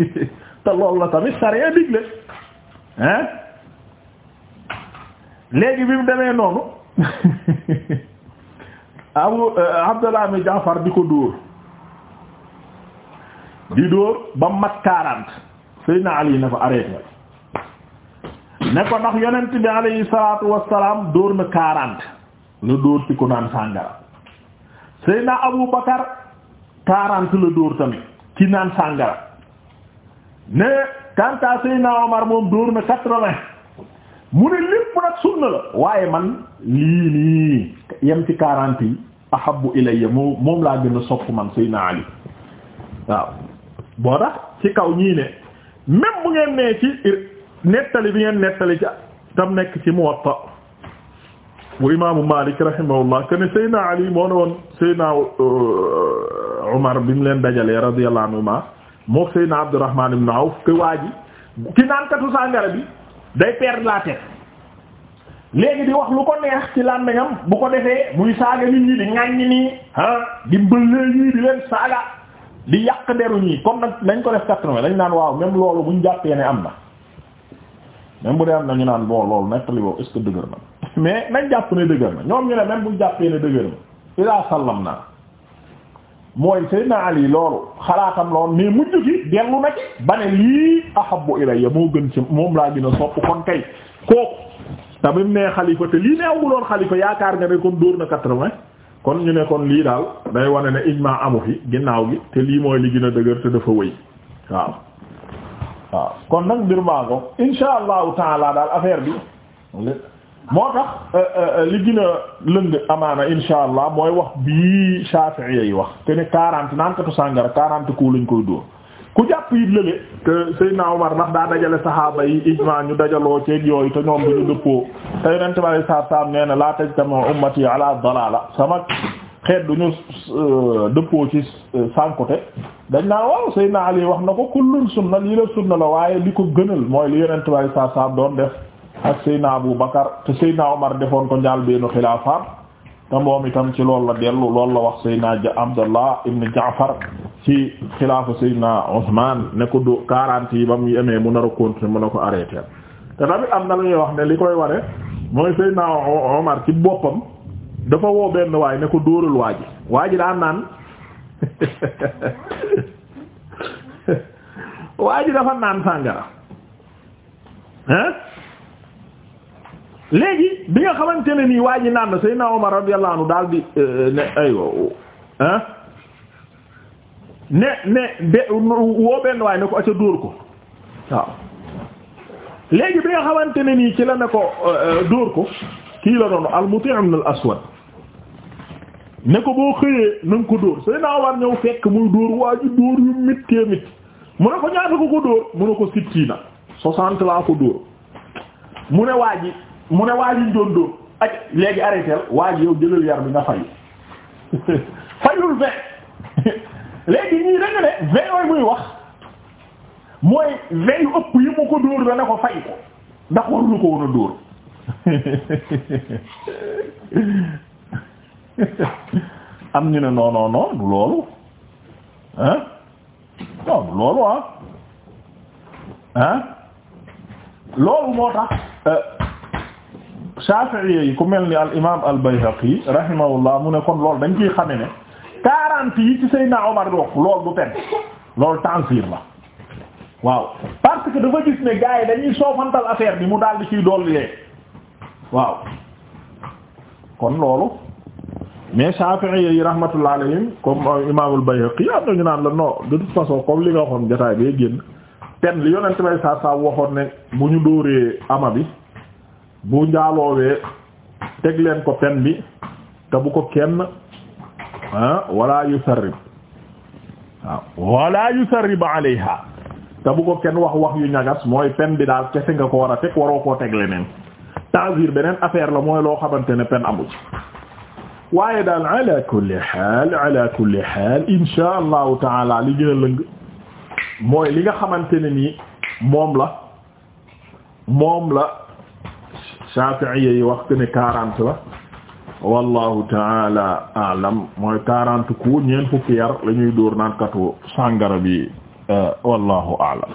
te loolu la tamit sariya digle hein léegi bi mu demee noonu abu euh, Abdallah mi Jaafar di ko dóor di dóor ba mat quarante Seydina Ali na fa arrêté ne ko ndax yonent bi alayhi salaatu wassalaam dóor na quarante la dóor ci ku naan sàngara Seydina Abu Bakar quarante la dóor tamit ci naan sàngara ne kanta Seydina Omar moom dóor na quatre-vingts mu nag sunna waaye man lii nii yem ci quarante yi ahabbu ilayya moom moom laa gën a sopp man Seydina Ali waaw ci kaw ñii ne bu ngeen nee ci nettali bi ngeen nettali ci tam nekk ci Muwatta bu imaamu Malik rahimahullah que ne Seydina Ali moo ne woon Seydina euh, Omar bi mu leen dajalee radiyallahu anhuma moo Seydina Abdourahman ibn Awf te waa ji ki naankatu sàngara bi day perdre la tête léegi di wax lu ko neex ci làmmiñam bu ko defee muy saaga nit ñi di ŋàññ nii ah di mbëllee ñii di leen saaga di yàq deru ñii comme nag nañ ko def quatre-vingts dañ naan waaw même loolu buñ jàppee ne am na même bu dee am na ñu naan boo loolu nekk li boobu est-ce que dëgër na mais nañ jàpp ne dëgër na ñoom ñu ne même buñ jàppee ne dëgër na ilaa sallam naa mooy Seydina Ali loolu xalaatam loolu mais mujj gi dellu na ci ba ne lii ahabbu ilayya moo gën ci moom laa gën a sopp kon kay kooku tamit nee xalifa te lii neewuloon xalifa yaakaar nga ne kon dóor na quatre-vingt kon ñu ne kon lii daal day wane ne ijmaa amu fi ginnaaw gi te lii mooy li gën a dëgër te dafa wëy waaw waaw kon nag mbir maa ko insha allahu taala daal affaire bi moo tax euh, euh, li gën a lëng amaana insha allah mooy wax bii Shafi'i yi wax te ne quarante naankatu sàngara quarante ku lañ koy dóor ku jàpp it lële que Seydina Omar ndax daa dajale saxaaba yi ijma ñu dajaloo ceeg yooyu te ñoom bi ñu dëppoo te yonent bi alayhi salaatu salaam nee na laa tajtama ummati ala dalaala sama xeet du ñu euh, dëppoo ci sànkute dañ naa waaw Seydina Ali wax na ko kullun sunna lii la sunna la waaye li ko gënal mooy li yonent bi alayhi salaatu def ak Seydina Abu Bakar te Seydina Omar defoon ko njaal beenu xilaafaam te moom itam ci loolu la dellu loolu la wax Seydina Abdallah ibn Jaafar ci xilaafa Seydina Usmaan ne ko du quarante ba mu amee mu a continuer mu na ko arrêté te tamit am na lu ñuy wax ne li koy wane mooy Seydina Omar ci boppam dafa woo benn waay ne ko dóoral waa ji waa naan waa dafa naan sàngara hein léegi bi nga xamante ne nii waa ji naan na Seydina Omar radiyallahu anhu daal di euh, ne aywa ah ne ne be woo benn waay ne ko acca dóor ko waaw léegi bi nga xamante ne nii ci la ne ko euh, dóor ko kii la doon al-Muti' ibn al-Aswad ne ko boo xëyee na ko dóor Seydina Omar ñëw fekk muy dóor waa ji dóor yu mit kee mu ne ko ñaata ko ko dóor mu ne ko sittiina soixante laa ko dóor mu ne waa ji mu ne waa liñ doon doon ak léegi arrêté yow jëlal yar bi nga fay fayul vingt léegi ñii dañu ne vingt yooyu muy wax mooy vingt yu ëpp yi mu ko dóor da ne ko fay ko ndax warulu ko woon a dóor am ñu ne non non non du loolu ah non du loolu ah loolu moo tax. Euh, Shafi'i yi ku mel ni al imaam al Bayhaqi rahimahullah mu ne kon loolu dañ ciy xame ne quarante yi ci Seydina Omar di wax loolu du pen loolu tansiir la waaw parce dafa gis ne gars dañuy soofantal affaire bi mu daal di ciy dolli waaw kon loolu mais Shafi'i yi rahmatullah comme euh, imaam Bayhaqi am na ñu naan la non de toute façon comme li nga waxoon jotaay bee génn pen li yonent bay saa saa waxoon ne bu ñu dóoree ama bi. bu njaaloowee teg leen ko pen bi te bu ko kenn ah wala yusarrib waaw wala yusarrib alayha te bu ko kenn wax wax yu ñagas mooy pen bi daal kese nga ko war a teg waroo koo teg leneen ta'zir beneen affaire la mooy loo xamante ne pen amu ci waaye daal ala kulli xaal ala kulli xaal insha allahu li gën lëng mooy li nga xamante ne nii moom la moom la Shafi'iyya yi wax que ne quarante la wallahu taala alam mooy quarante ku ñeent fukki yar la ñuy dóor naan katu sàngara bi euh, wallahu alam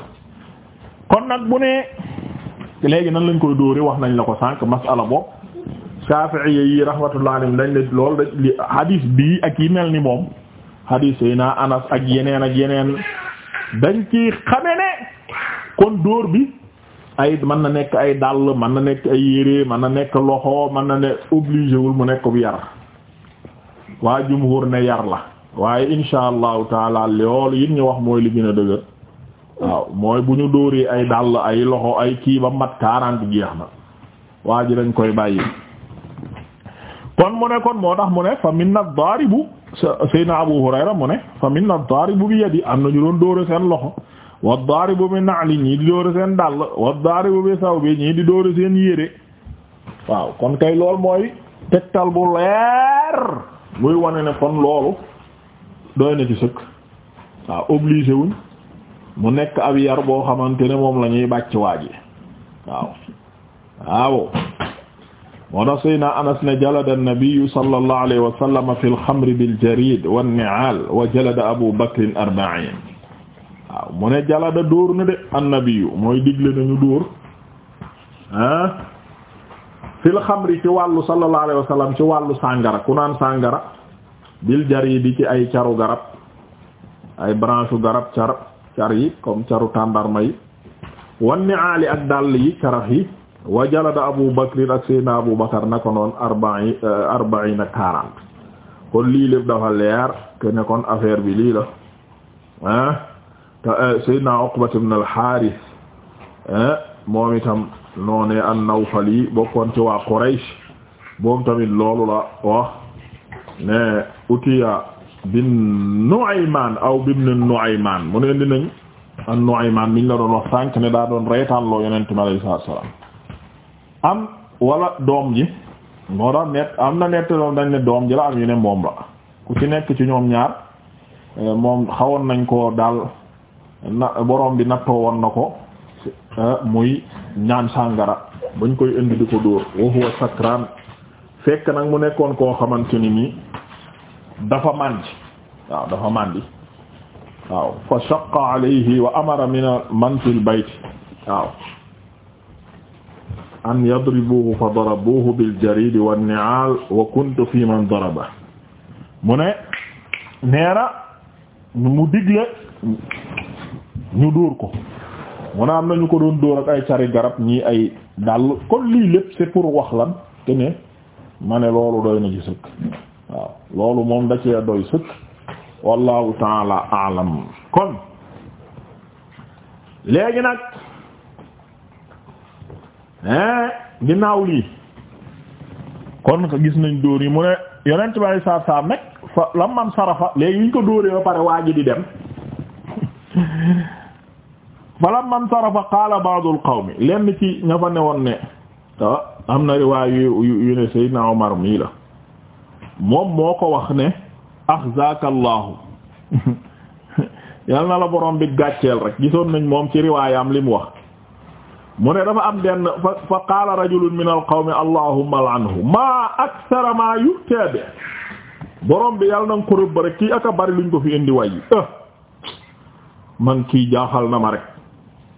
kon nag bu ne léegi nan lañ koy dóore wax nañ la ko sànq masala bopp Shafi'iyya yi rahmatullah alayhim dañ le loolu li hadith bii ak yi mel ni moom hadith yi naa Anas ak yeneen ak yeneen dañ ci xame ne kon dóor bi ay man na nekk ay dàll man na nekk ay yére mën na nekk loxo man na ne obligé mu nekk bu yar waa jumhur ne yar la waaye insha allahu taala loolu it ñu wax mooy li gën a dëgër waaw mooy bu ñu dóoree ay dàll ay loxo ay kii ba mat quarante jeex na waa ji dañ koy bàyyi kon mu ne kon moo tax mu ne fa minna daaribu Seydina Abu Hurayra mu ne fa minna daaribu bu yadi am na ñu doon dóore seen loxo wa daaribu bi naali ñii di dóori seen dàll wa daaribu bi saw ñii di dóori seen yére waaw kon kay lool mooy tegtal bu leer muy wane ne kon loolu doy na ci sëkk waaw obligé mu nekk ab yar boo xamante ne moom la ñuy bàcc waaji waaw waaw moo tax Seydina Anas ne jalada an-nabiyyu sallallahu alayhi wa sallam fi al-xamri bil-jariid wan-ni'aal wa jalada Abu Bakr arba'iin waaw mu ne jalada dóor na de annabiyu mooy digle nañu dóor ah fil xamri ci wàllu sallallahu alayhi wa ci wàllu sàngara ku naan sàngara bil jar yi di ci ay caru garab ay branche u garab car car yi comme caru tàndarma yi wan aali ak dàll yi carax yi wa jalada abu bakrin ak seyna abu bakar na ko noon arba'i euh, arba'i na quarante kon lii lépp dafa leer que kon affaire bi lii la ah Eh, Seydina Uqbat ibn al-Harith eh, moom itam noonee an-Nawfali bokkoon ci waa Quraysh moom tamit loolu la wax ne utiya bin Nu'aymaan aw bin Nu'aymaan mu ne indi nañ an Nu'aymaan miñ la doon wax sànq ne daa doon reetaan loo Yonent am wala doom ji moo tax net am na nett doom dañ ne doom ji la am yu ne moom la ku ci nekk ci ñoom ñaar eh, moom xawoon nañ ko daal na borom bi nattoo woon na ko eh, muy ñaan sangara bañ koy indi di ko dóor wa huwa sakran fekk nag mu nekkoon koo xamante ni nii dafa màndi waaw dafa fa shaqqa alayhi wa amara min man fil bayt waaw an fa darabuhu bil jarid wan ni'al wa kuntu fi man daraba mu ne neena mu digle ñu dóor ko mu ne am na ñu ko doon dóor ak ay cari garab ñii ay dàll kon lii lépp c'est pour wax lan te ma ne loolu doy na ci sëkk waaw loolu moom da cee doy sëkk wallahu taala alam kon léegi nag hein ginnaaw lii kon ko gis nañ dóor yi mu ne yonent bari saar saar nag fa lam sarafa léegi ñu ko dóoree pare waa ji di dem falamma nsarafa qaala ba'dul qawmi lenn ci ña fa newoon ne ah am na riwaay yu ne Seydina Omar mii la moom moo ko wax ne axzaaka Allahu yal na la borom bi gàcceel rek gisoon nañ moom ci riwaayam li mu wax mu ne dafa am denn fa fa qaala rajulun min al qawmi allahumma al'anhu maa akthara maa yu'taa bi borom bi yal na nga ko rek kii aka bari luñ ko fi indi way eh, man kii jaaxal na ma rek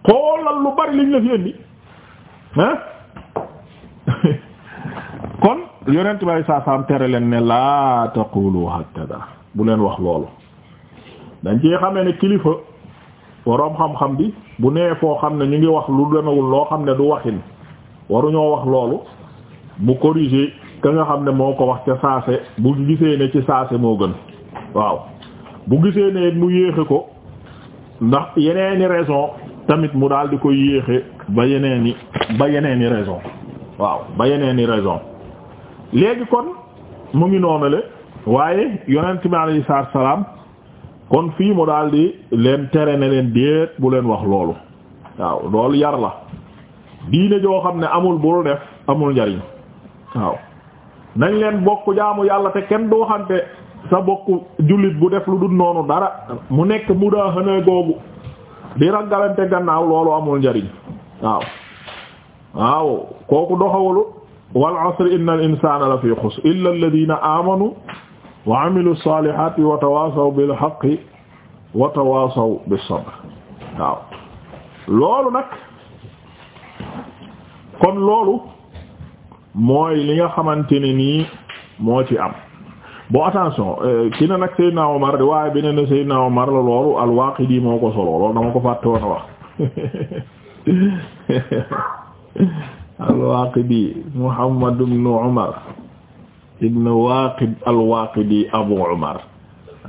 xoolal lu bari liñ la fi indi ah kon yonent bay saa tere leen ne laa taqulu hakada bu leen wax loolu dañ ci xamee ne kilifa waroom xam-xam bi bu nee foo xam ne ñu ngi wax lu demewul loo xam ne du waxin waruñoo wax loolu mu corriger ka nga xam ne moo ko wax ca saase bu gisee ne ci saase moo gën waaw bu gisee ne mu yéexe ko ndax yeneeni raison tamit mu daal di koy yéexe ba yeneeni ba yeneeni raison waaw ba yeneeni raison léegi kon mu ngi noonale waaye yonent bi alayhi salaam kon fii mu daal di leen tere ne leen déet bu leen wax loolu waaw loolu yar la diine joo xam ne amul bul def amul njariñ waaw nañ leen bokk jaamu yàlla te kenn du waxante sa bokk jullit bu def lu dul noonu dara mu nekk mu daa xanaa googu di raggalante gannaaw loolu amul njariñ waaw waaw kooku doxawul wal asri innal insana la fi xusr illa alladhina amanu wa amilu salihati wa tawasaw bil haqqi wa tawasaw bis sabr waaw loolu nag kon loolu mooy li nga xamante ne nii moo ci am bon attention euh, ki na nag Seydina Omar di waaye beneen na Seydina Omar la loolu al moo ko solo loolu dama ko fàtte woon a wax al-Waaqidi Muhammad ibn Umar ibn Waaqid al-Waaqidi Abu Umar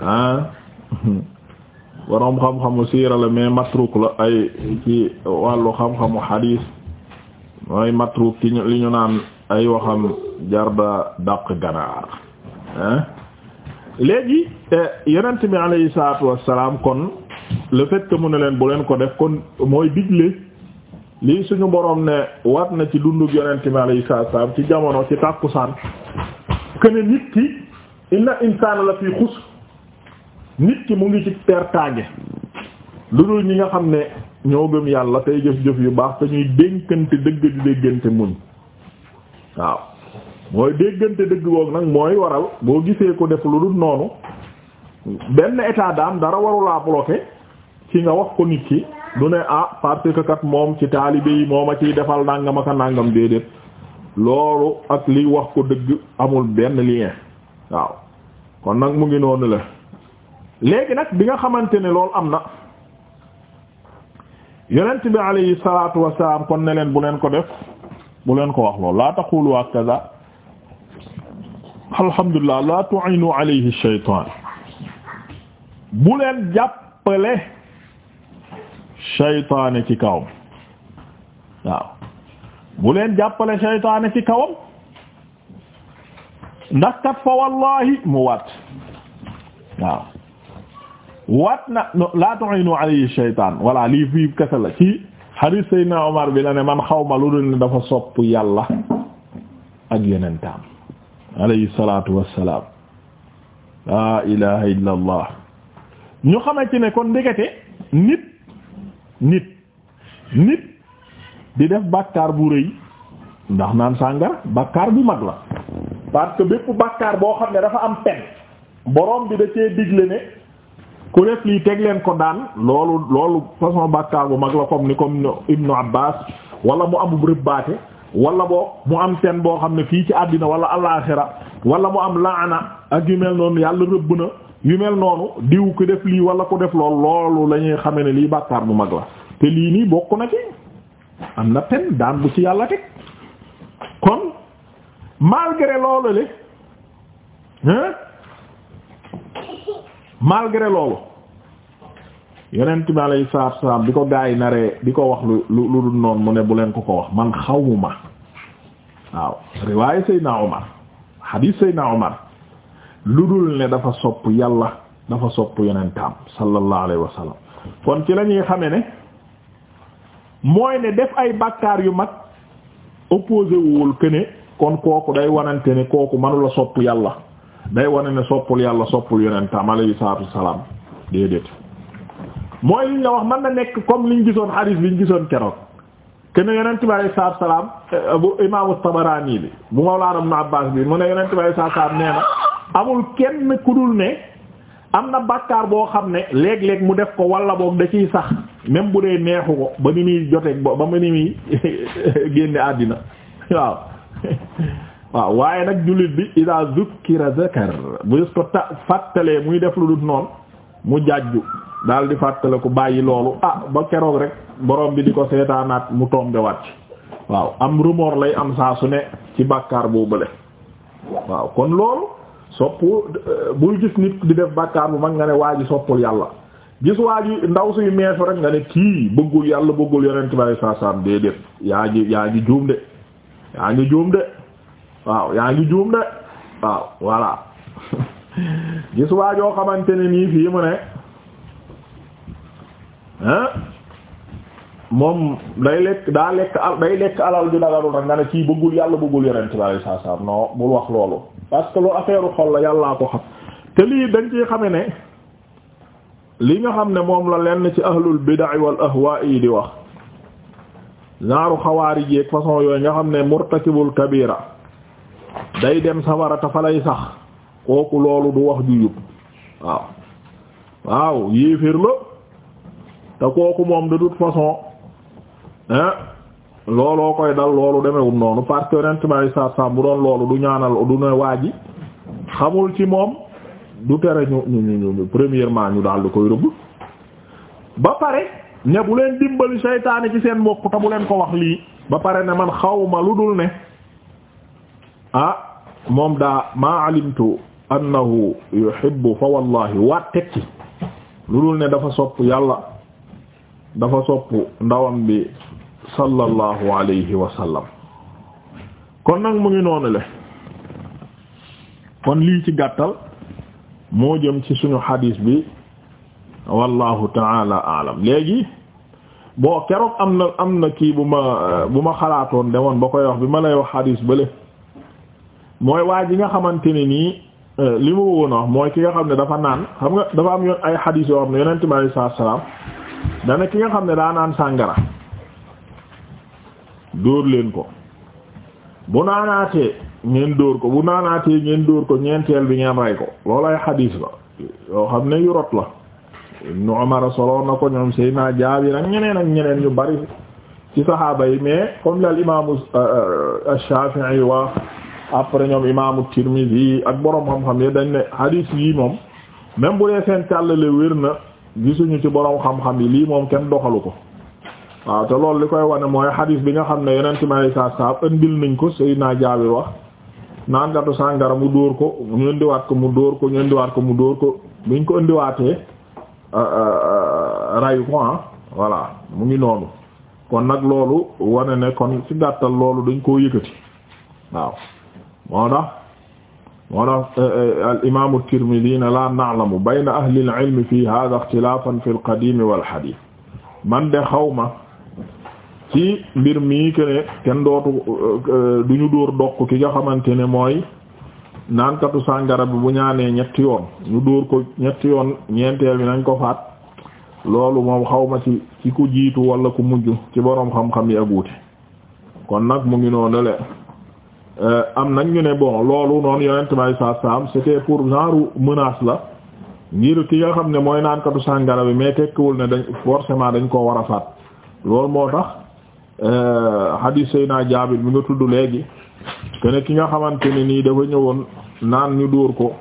ah borom xam-xamu siira la mais matruk la ay li naan ay waxam jarba dàq ganaar ah léegi eh, yonent bi alayhi salaatu wassalaam kon le fait que mu leen bu leen ko def kon mooy digle lii suñu borom ne war na ci dundug yonent bi alayhi salaatu ci jamono ci tàkkusaan këne nit ki inna insaana la fii xus nit ki mu ngi ci pertaange lu dul ñi nga xam ne ñoo gëm yàlla tey jëf jëf yu baax te ñuy dénkante dëgg di déggante muñ waaw mooy déggante dëgg boog nag mooy waral boo gisee ko def lu dul noonu benn état d'âme dara warulaa bloqué ci nga wax ko nit ki du ne ah parce kat moom ci taalibe yi moo ma ciy defal nangam nàngam a nangam déedéet loolu ak li wax ko dëgg amul benn lien waaw kon nag mu ngi noonu la léegi nag bi nga xamante ne loolu am na yonent bi alayhi salaatu wasalaam kon ne leen bu leen ko def bu leen ko wax loolu laa taqulu wa kaza alhamdulilah la tu'inu alayhi shaytaan bu leen jàppale shaytaane ci kawam waaw bu leen jàppale shaytaane ci kawam ndax kat fa wallahi mu waat waaw waat na la tu'inu alayhi shaytaan walla lii fii kese la ci hadith Seydina Omar bi la ne man xawma lu dul ne dafa sopp yàlla ak yeneen taam alayhi salaatu wassalaam laa ilaha illa allah ñu xamante ne kon ndegete nit nit nit di def bàkkaar bu rëy ndax naan sàngar bàkkaar bu mag la parce que bépp bàkkaar boo xam ne dafa am pen borom bi da cee digle ne ku def lii teg leen ko daan loolu loolu façon bàkkaar bu mag la comme ni comme Ibnu Abbas wala mu amub rëbbaate wala boo mu am seen boo xam ne fii ci àddina wala alaaxira wala mu am laana ak yu noonu yàlla rëbb na yu noonu diw ko def lii wala ko def lool loolu la ñuy xamee ne lii bàkkaar bu mag la te lii nii bokk na ci am na pen daan bu ci yàlla teg kon malgré loolu le hein loolu yonent bi alayhi salaatu wa salaam bi ko gaa yi naree bi ko wax lu lu lu dul noonu mu ne bu leen ko ko wax man ma waaw riwaaye Seydina Omar xadiis Seydina Omar lu dul ne dafa sopp yàlla dafa sopp yonentam sallallahu alayhi wa sallam kon ci la ñuy xame ne mooy ne def ay bakkaar yu mag opposé kon kooku day wanante ne kooku manula sopp yàlla day wane ne soppul yàlla soppul yonentam alayhi salaatu wa salaam déedéet mooy li la wax mën na nekk comme liñ gisoon xadiis biñ gisoon keroog kene yonent bi alayhi salaatu salaam euh, bu imaamu Tabaraani bi bu Mawlaana Ibn Abbaas bi mu ne yonent bi alayhi salaatu salaam nee na amul kenn ku dul ne am na bàkkaar boo xam ne léeg-léeg mu def ko walla boog da ciy sax même bu dee neexu ko ba ni muy joteeg ba mu ni muy génne àddina waaw waaye nag jullit bi idaa zukkira zakar bu ko ta fàttalee muy def lu dul noonu mu jàjju daal di fàttaliku bàyyi loolu ah ba keroog rek boroom bi di ko seetaanaat mu tombe wàcc waaw am rumeur lay am saa su ne ci bàkkaar boobule waaw kon loolu sopp euh, bul gis nit di def bàkkaar bu mag nga ne waa soppul yàlla gis waa ndaw suy meesu rek nga ne kii bëggul yàlla bëggul yonent bi saa saam déedéet yaa ngi yaa ngi juum de yaa ngi juum de waaw yaa ngi juum de waaw voilà gis waa xamante ne nii fii mu ne. ah moom day lekk daa lekk al day lekk alal ju dagarul rek nga ne kii bëggul yàlla bëggul yonent bi alei saa salaam non bul wax loolu parce que lu affaire xol la yàllaa ko xam te lii dañ ci xame ne li nga xam ne moom la lenn ci ahlul bidai wal ahwaa yi di wax naaru xawaari jeeg façon yooyu nga xam ne murtakibul kabira day dem safara te fa lay sax kooku loolu du wax ju yub waaw waaw yéeféer te kooku moom de toute façon hein looloo koy dal loolu demewul noonu parce que rentement sar sam bu doon loolu du ñaanal du ne waa ji xamul ci moom du tere ñu ñu ñu premièrement ñu daal di koy rëbb ba pare ne bu leen dimbali seytaane ci seen mbokk te bu leen ko wax lii ba pare ne man xawuma lu dul ne ah moom daa maa alimtu annahu yuhibbu fa wallahi waat ci lu dul ne dafa sopp yàlla dafa sopp ndawam bi sallallahu alayhi wa sallam kon nag mu ngi noonu le kon lii ci gàttal moo jëm ci suñu xadiis bi wallahu taala alam léegi bon keroog am na am na kii bu ma bu ma xalaatoon demoon ba koy wax bi ma lay wax xadiis bële mooy waa ji nga xamante ne nii euh, li ma woon a wax mooy ki nga xam ne dafa naan xam nga dafa am yoon ay xadiis yoo xam ne yonent bi sallallahu alayhi dana ki nga xam ne daa naan sàngara dóor leen ko bu naanaatee ngeen dóor ko bu naanaatee ngeen dóor ko ñeenteel bi ngeen rey ko loolay xadiis la yoo xam ne yu la Ibnu Umar soloon na ko ñoom Seydina Jaabir ak ñeneen ak ñeneen ñu bari ci saxaaba yi mais comme la imaamu euh, euh, Shaafi'i wax après ñoom imaamu Tirmidhi ak borom xam-xam yi dañ ne xadiis yi moom même bu dee seen càllale wér na gisuñu ci borom xam-xam yi lii moom kenn doxalu ko waaw te loolu li koy wane mooy xadiis bi nga xam ne yeneen timay saa saa ëndil nañ ko Seydina Jaabir wax naan gatu sàngara mu dóor ko ñu indiwaat ko mu dóor ko ñu indiwaat ko mu dóor ko buñ ko indiwaatee euh, euh, rayu ko ah voilà mu ngi noonu kon nag loolu wane ne kon ci gàttal loolu dañ koo yëkkati waaw moo tax wala euh, euh, al imaamu Tirmidi ne laa na'lamu bayna ahli al-ilmi fii haadha ixtilaafan fil qadiimi wal hadiis man de xaw ma ci mbir mii que ne kenn dootu euh, du ñu dóor doq ki nga xamante ne mooy naankatu sàngara bi bu ñaanee ñetti yoon ñu dóor ko ñetti yoon ñeenteel bi nañ ko faat loolu moom xaw ma ci ci ku jiitu wala ku mujj ci boroom xam-xam yi ak wuute kon nag mu ngi noonu Euh, am nañ ñu ne bon loolu noonu yonent may sa saam c'était pour genre menace la ngir ki nga xam ne mooy naankatu sàngara bi mais tekkiwul ne dañ forcément dañ koo war a faat loolu moo tax euh, hadith naa Jaabir bi nga tudd léegi kene ki nga xamante ne nii dafa ñëwoon naan ñu dóor ko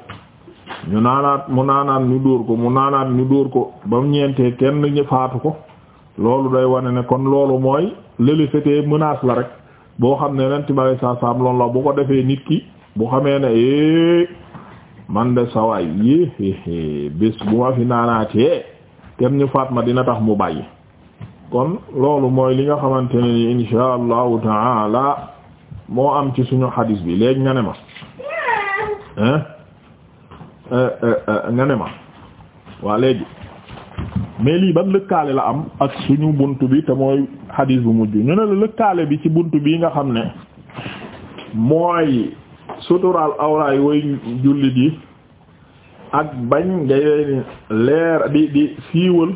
ñu naanaat mu naanaat ñu dóor ko mu naanaat ñu dóor ko ba mu ñeentee kenn ñu faatu ko loolu day wane ne kon loolu mooy lëli c'était menace la rek boo xam ne yonent bi alayhi salaatu salaam loolu la bu ko defee nit ki bu xamee ne é eh, man de sawaay yéé eh, bu ma fi naanaatee tem ñu faat ma dina tax mu bàyyi kon loolu mooy li nga xamante ne ni insha allahu taala moo am ci suñu xadis bi léegi nga ne ma eh, nga ne ma waa léegi mais lii ba lëkkaale la am ak suñu bunt bi te mooy xadiis bu mujj ñu ne la lëkkaale bi ci bunt bi nga xam ne mooy suturaal awraay way jullit yi ak bañ ngay leer di di siiwal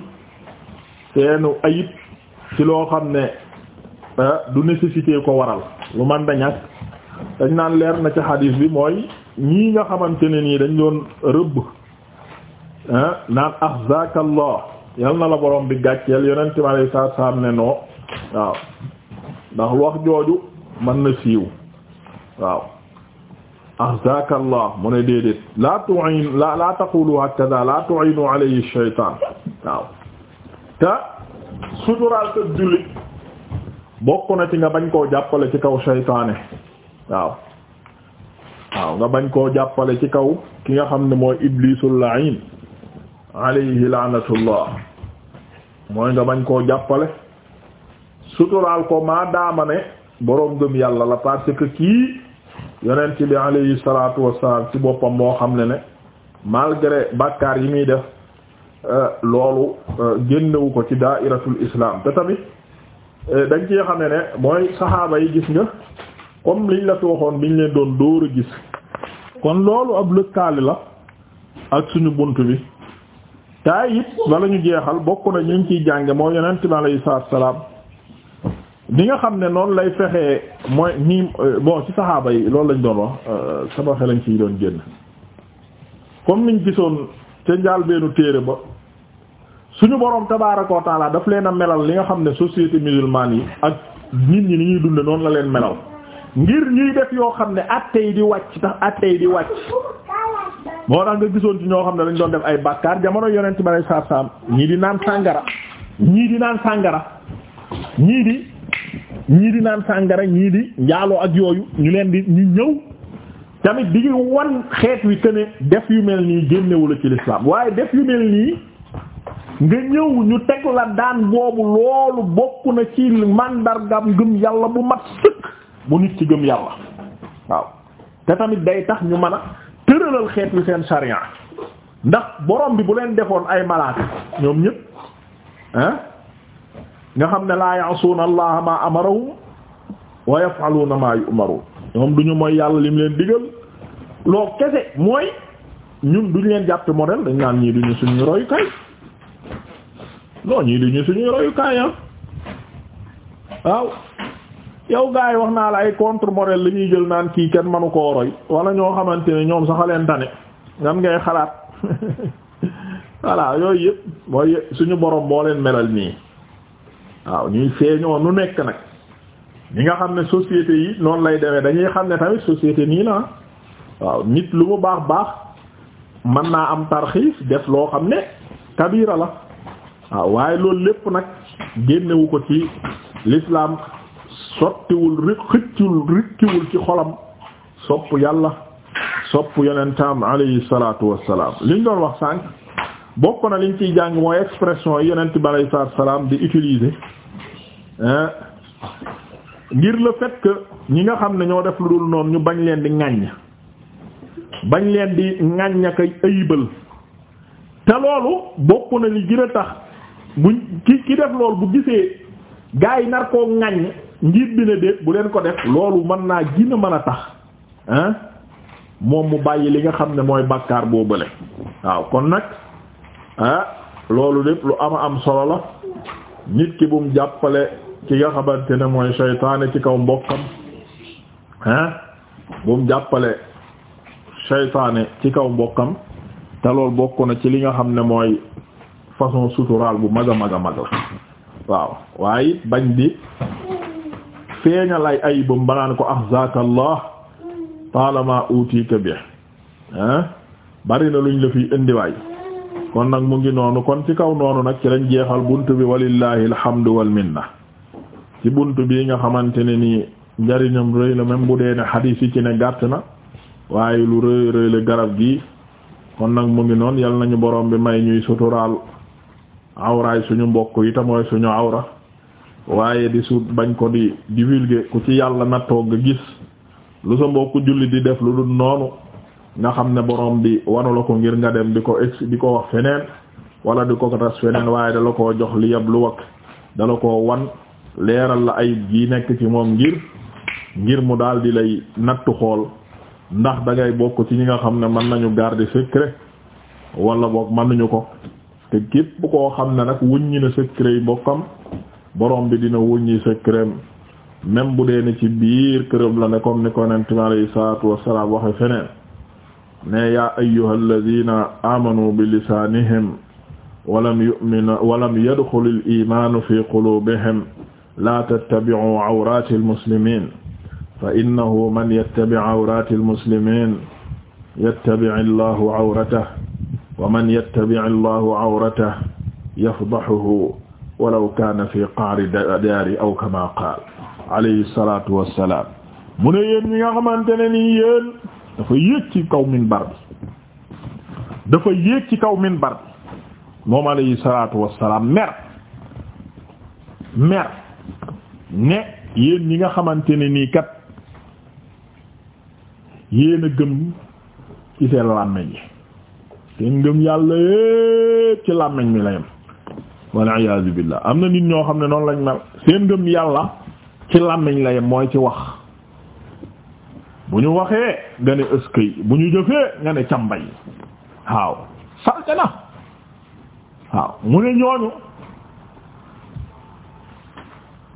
seenu ayib ci loo xam ne ah, du nécessité ko waral lu man da ñàkk dañ naan leer na ci xadiis bi mooy ñii nga xamante ne nii dañ doon rëbb ah, naan ahzakallah yal na la borom bi gàcceel yonent mi alay saa saam ne noo waaw ndax wax jooju mën na siiw waaw ahzaaka allah mu ne déedéet laa tu'in la la taqulu hakaza la tu'inu alayhi shaytaan waaw te suturaal sa jullit bokk na ci nga bañ koo jàppale ci kaw shaytaane waaw waaw nga bañ koo jàppale ci kaw ki nga xam ne mooy iblisul la'in alayhi laanatullah mooy nga bañ koo jàppale suturaal ko maa daama ne boroom gëm yàlla la parce que kii yonent bi alayhi salaatu wassalaam ci boppam moo xam ne ne malgré bakkaar yi muy def euh, loolu euh, génnewu ko ci daairatul islam te tamit euh, dañ cee xam ne ne mooy saxaaba yi gis nga comme liñ la fi biñ leen doon dóor a gis kon loolu ab lëkkaali la ak suñu bunt bi taay it bala ñu jeexal bokk na ñu ciy jànge moo yonent bi saa salaam li nga xam ne noonu lay fexe mooy nii bon ci saxaaba yi loolu lañ doon wax euh, sama xel lañ ciy doon génn comme niñ gisoon ca njaal beenu téere ba suñu boroom tabaaraka wa taala daf leen a melal li nga xam ne société musulmane yi ak nit ñi ni ñuy dunde noonu la leen melal ngir ñuy def yoo xam ne àtte yi di wàcc tax àtte yi di wàcc moo tax nga gisoon ci ñoo xam ne dañ doon def ay bàkkaar jamono yonent bi sallallahu alayhi wasallam ñii di naan sàngara ñii di naan sàngara ñii di ñii di naan sàngara ñii di njaaloo ak yooyu ñu leen di ñu ñëw tamit di ñu wan xeet wi këne def yu mel nii génnewula ci lislaam waaye def yu mel nii nga ñëw ñu teg la daan boobu loolu bokk na ci màndargam gëm yàlla bu mat sëkk bu nit ci gëm yàlla waaw te tamit day tax ñu mën tëralal xeet wi seen sarian ndax borom bi bu leen defoon ay malaaka ñoom ñëpp ah nga xam ne laa ya'suuna allaha ma amarahum wa yaf'aluuna ma yu'maruun ñoom duñu mooy yàlla lim leen digal loo kese mooy ñun duñu leen jàppe modèle dañ naan ñii duñu suñu royukaay non ñii duñu suñu royukaay ah waaw yow gars yi wax naa la ay contre modèle la ñuy jël naan kii kenn manu koo roy wala ñoo xamante ne ñoom sax leen tane nan ngay xalaat voilà yooyu yëpp mooy suñu borom boo leen melal nii waaw ñuy feeñoo nu nekk nag ñi nga xam ne société yi noonu lay demee dañuy xam ne tamit société nii la waaw nit lu mu baax baax mën naa am tarxiis def loo xam ne kabira la waaw waaye loolu lépp nag génnewu ko ci lislaam sottiwul ri xëccul rikkiwul ci xolam sopp yàlla sopp yonentam alayhi salaatu wassalaam liñ doon wax sànq bokk na liñ ciy jàng mooy expression yi yonent bi alayhi salaatu wassalaam di utiliser ngir le fait que ñi nga xam ne ñoo def lu dul noonu ñu bañ leen di ŋàññ bañ leen di ŋàññ ak ayibal te loolu bokk na li gën a tax buñ ki ki def loolu bu gisee gaa yi nar koo ŋàññ njiit bi ne déet bu leen ko def loolu mën naa gina mën a tax ah moom mu bàyyi li nga xam ne mooy bàkkaar boo bële waaw kon nag ah loolu lépp lu ama am solo la nit ki bum jàppale ki nga xamante ne mooy seytaane ci kaw mbokkam ah bum jàppale seytaane ci kaw mbokkam te lool bokk na ci li nga xam ne mooy façon suturaal bu mag a mag a mag la waaw waaye bañ di feeñal ay ayibam banaan ko ahzaaka allah taalama utiika bi ah bari na luñ la fi indiwaay kon nag mu ngi noonu kon ci kaw noonu nag ci lañ jeexal bunt bi walillahi alhamdu wal minna ci bunt bii nga xamante ne nii njariñam rëy la même bu dee ne xadiis yi ci ne gàtt na waaye lu rëy rëy garab gi kon nag mu ngi noonu yal nañu borom bi may ñuy suturaal awraay suñu mbokk yi mooy suñu awra waaye di su bañ ko di divulguer ku ci yàlla nattoo nga gis lu sa mbokku julli di def lu dul noonu nga xam ne boroom bi wanu la ko ngir nga dem di ko ex di ko wax feneen wala di ko tas feneen waaye dala ko jox li yab lu wakk dala ko wan leeral la ayib gi nekk ci moom ngir ngir mu dal di lay nattu xool ndax da ngay bokk ci ñi nga xam ne mën nañu garder secret wala boog mënuñu ko te képp koo xam ne nag wuññi na secret yi bokkam borom bi dina wuññi secret même bu dee ne ci biir këram la ne comme ni ko nent mi alayhi salaatu wassalaam waxe feneen ne yaa ayyuha alladina amanu bi lisaanihim walam yuminu walam yadxul al imaanu fi quluubihim laa tattabi'u awraati almuslimiin fa innahu man yattabi' awraati almuslimiin yattabi' allahu awratahu wa man yattabi' allahu awratahu yafdahuhu walaw kaana fi qa'ri daari aw kama qaal alayhi salatu wassalam mu ne yéen ñi nga xamante ne nii yéen dafa yéeg ci kaw minbar bi dafa yéeg ci kaw minbar bi moom alayhi salatu wassalam mer mer ne yéen ñi nga xamante ne nii kat yéen a gëm ci seen làmmeñ yi seen gëm yàlla yépp ci làmmeñ mi la wal iyaazu billah am na nit ñoo xam ne noonu lañ mel seen ngëm yàlla ci làmmiñ la mooy ci wax bu ñu waxee nga ne ëskay bu ñu jëfee nga ne cambay waaw salte na waaw mu ne ñooñu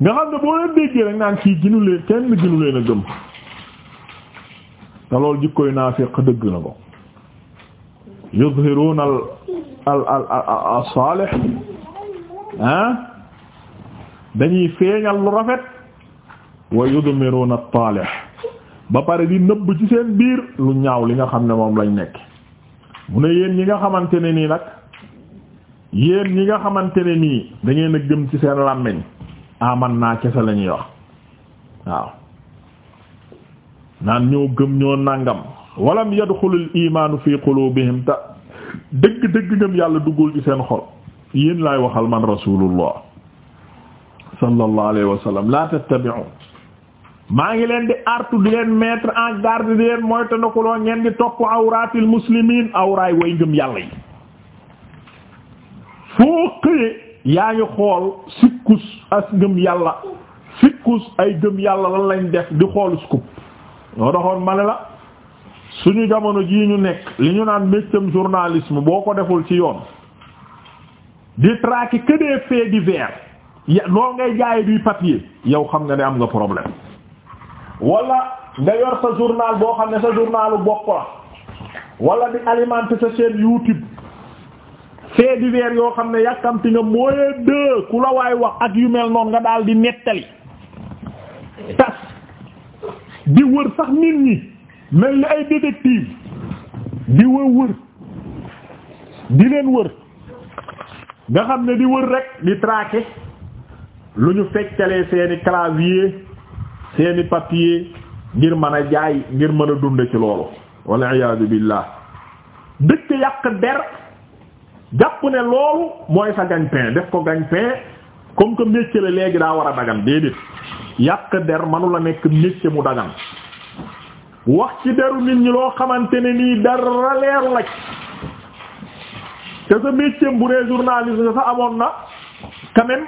nga xam ne boo leen déggee rek naan kii ginu leen kenn ginu leen a gëm te loolu jikkoy naafiq dëgg na ko yuzhiruna al al al al salih ah dañuy feeñal lu rafet wa yudmiruna at-talih ba pare di nëbb ci seen biir lu ñaaw li nga xam ne moom lañ nekk mu ne yéen ñi nga xamante ne nii nag yéen ñi nga xamante ne nii da a gëm ci seen làmmiñ aman naa kese la wax waaw naan ñoo gëm ñoo nàngam walam yadxulul imaanu fi qulubihim ta dëgg dëgg ngëm yàlla duggul ci seen xol yéen laay waxal man rasulullah sallallahu alayhi wa sallam la maa ngi leen di artu di leen mettre en garde di leen mooy te nakuloo ngeen di topp awratil muslimin awraay way ngëm yàlla yi foo xëye yaa ngi xool sikkus as ngëm yàlla sikkus ay gëm yàlla la lañ def di xool scoop ñoo doxoon ma ne la suñu jamono ji ñu nekk li ñu naan méccam journalisme boo ko deful ci yoon di traquer que des faits ya loo ngay jaay duy papier yow xam nga ne am nga problème wala nga yor sa journal boo xam ne sa journalu bopp la wala di alimenter sa chaîne YouTube faits divers yoo xam ne yàkkamti nga moyen de ku la waay wax ak yu mel noonu nga daal di nettali tas di wër sax nit ñi mel ni ay détective di wër di leen wër nga xam ne di wër rek di traquer lu ñu feccalee seeni clavier seeni papier ngir mën a jaay ngir mën a dund ci loolu wal iyaadu billah dëkk yàq der jàpp ne loolu mooy sa gagne-pain def ko gagne-pain comme que métier léegi daa war a dagan déedéet yàq der manu la nekk métier mu dagan wax ci deru nit ñi loo xamante ne nii dara leeru la te sa métier bu dee journaliste sa amoon na quand même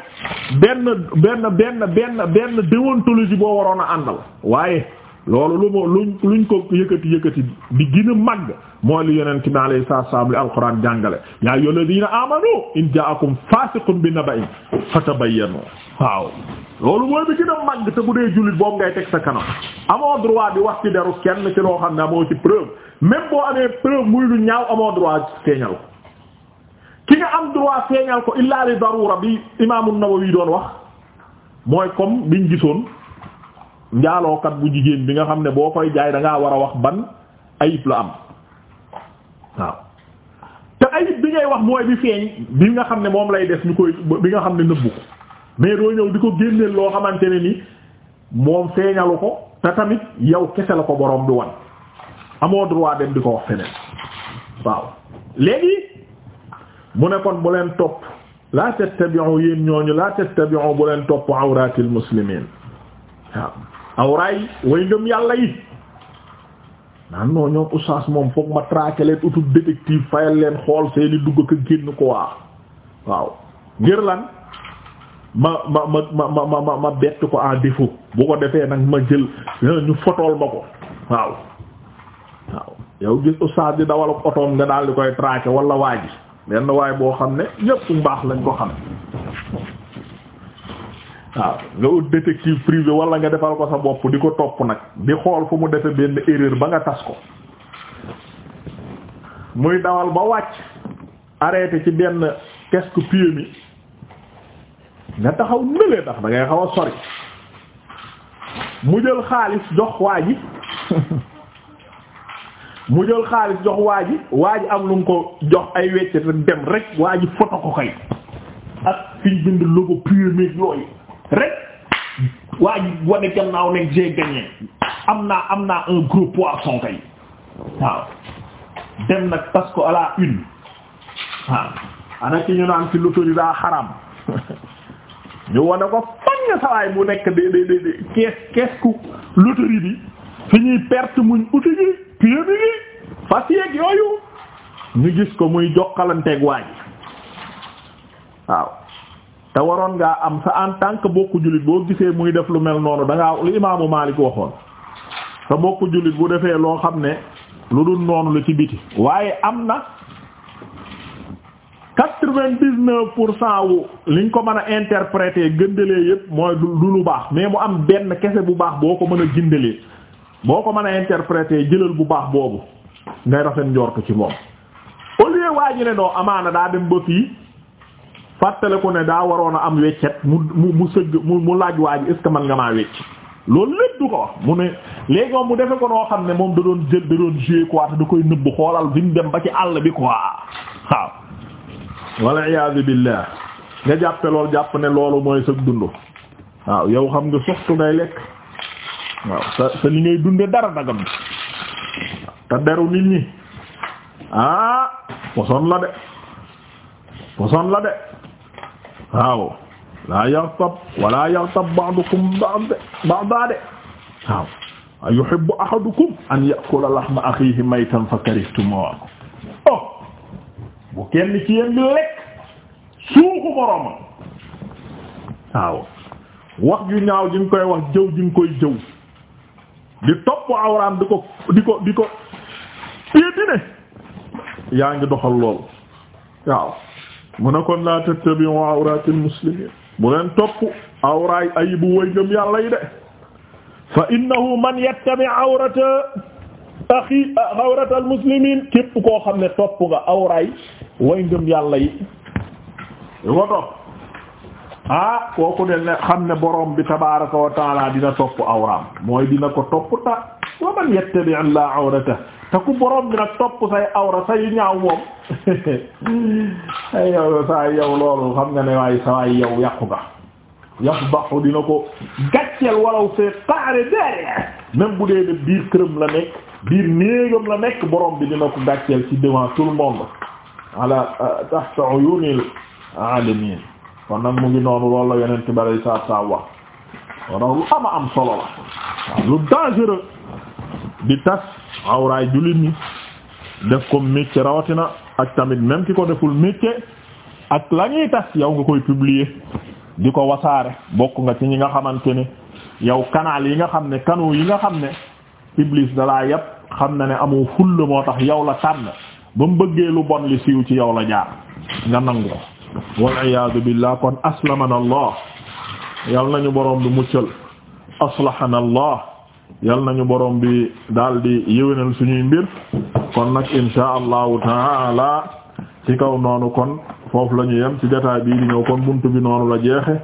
benn benn benn benn benn déontologie boo waroon a àndal waaye loolu lu ma luñ luñ ko yëkkati yëkkati di gën a màgg mooy li yonent bi alayhi salaam li alquran jàngale yaa ayyuhal ladina amanu in ja'akum fasiqun bi naba'in fatabayyanu waaw loolu mooy bi gën a te bu dee jullit boobu ngay teg sa kanam amoo droit di wax ci deru kenn ci loo xam ne amoo ci preuve même boo amee preuve muy lu ñaaw amoo droit feeñal ki nga am droit feeñal ko illa li darura bi imaamu Nawawi doon wax mooy comme biñ gisoon njaalookat bu jigéen bi nga xam ne boo koy jaay dangaa war a wax ban ayib la am waaw te ayib bi ngay wax mooy bi feeñ bi nga xam ne moom lay def ñu koy bi nga xam ne nëbbu ko mais doo ñëw di ko génneel loo xamante ne ni moom feeñalu ko te tamit yow kese la ko boroom bi wan amoo droit dem di ko wax feneen waaw léegi mu ne kon bu leen topp la tattabi'u yéen ñooñu la tattabi'u bu leen topp awraatil muslimiin waaw awraay way ngëm yàlla yi naan noo ñoom oustaz moom foog ma traquer leen utub détective fayal leen xool seeni dugg ko génn ko waa waaw ngir lan ma ma ma ma ma ma ma bett ko en défaut bu ko defee nag ma jël ñu fotool ma ko waaw waaw yow gis oustaz di dawal ak otoom nga daal di koy traquer wala waa ji benn waay boo xam ne ñépp baax lañ ko xam waaw nga ut détective privé wala nga defal ko sa bopp di ko topp nag di xool fu mu defe benn erreur ba nga tas ko muy dawal ba wàcc arrêté ci benn kesku pied mi nga taxaw nëlee ndax da ngay xaw a sori mu jël xaalis jox waa ji mu jël xaalis jox waa ji am lu mu ko jox ay weccet rek dem rek waa ji ko kay ak fi ñu bind logo pure yooyu rek waa wane gannaaw nekk j'ai gagné am naa am naa un gros poisson kay waaw dem nag tas à la une waaw ana ki ñu naan ci loterie daa xaram ñu wane ko fañ sawaay bu nekk de de de kees kees ku loterie bi fi ñuy perte muñ uti ji pied bi nii fas yeeg yooyu ñu gis ko muy jokkalanteeg waa ji waaw te waroon ngaa am sa en tànk que bokku jullit boo gisee muy def lu mel noonu da ngaa lu imaamu Maalik waxoon sa bokku jullit bu defee loo xam ne lu dul noonu la ci biti waaye am na quatre vingt dix pour cent wu liñ ko mën a interpréter gëndalee yépp mooy du lu baax mais mu am benn kese bu baax boo ko mën a gindalee boo ko mën a interpréter jëlal bu baax boobu ngay rafet njort ci moom au lieu waa ji ne doo amaana daa dem ba fii ko ne daa waroon a am weccet mu mu mu sëgg mu mu laaj waa ji man nga maa wecc loolu lépp ko mu ne léegi moom mu defe ko noo xam ne moom da doon jël da doon jouer te da koy nëbb xoolal bi dem ba ci àll bi quoi waaw walla iyaazu billaah nga jàppe loolu jàpp ne loolu mooy sëg dund waaw yow xam nga soxtu ngay lekk waaw sa sa li ngay dunde dara dagam te deru nit ñi ah poson la de poson la de waaw laa yaxtab wala yaxtab ba'dukum ba'da de waaw a yuhibbu ahadukum an ya'kula lahma akhihi maytan fa karihtumuh oh bu kenn ci yéen bi lekk suuxu moroomam waaw wax ju ñaaw ji nga koy wax jëw ji nga koy jëw di topp awraam di ko di ko di ko yaa ngi doxal lool waaw mu ne kon laa tattabi'u awratil ayibu way ngëm yàlla yi de fa innahu man yattabi awrata axi awratal muslimin képp koo xam ne topp nga awraay way ngëm yàlla yi wa topp ah kooku de ne xam ne borom bi tabaraka wa dina topp awraam mooy dina ko topp ta wa man yattabi la awrata te borom bi nag topp say awra say ñaaw moom ay yow loolu xam nga ne waaye saa yow yàqu nga yàqu dina ko gàcceel walaw fee qaare dere même bu dee ne biir këram la nekk biir néegam la nekk borom bi dina ko gàcceel ci devant tout le monde ala tahta uyunil alamin kon nag mu ngi noonu loolu la yeneen ci bari saa saa wax kon ama am solo la lu dangereux di tas awraay jullit ñi def ko métier rawatina ak tamit même ki ko deful métier ak la tas yow nga koy publier di ko wasaare bokk nga ci ñi nga xamante ne yow kanaal yi nga xam ne canaux yi nga xam ne Iblis dalaa yépp xam na ne amoo fulla moo tax yow la tànn ba mu bëggee lu bon li siiw ci yow la jaar nga nangu ko waliyaadu billah kon aslamana allah yal nañu borom bi muccal aslahana allah yal nañu borom bi daldi di yëwénal suñuy mbir kon nag insha allahu taala ci kaw noonu kon foofu la ñu yem ci jotaay bii di ñëw kon buntu bi noonu la jeexe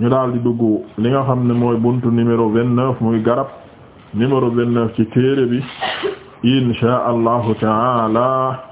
ñu daal di dugg li nga xam ne mooy buntu numéro vingt-neuf muy garab numéro vingt-neuf ci téere bi insha allahu taala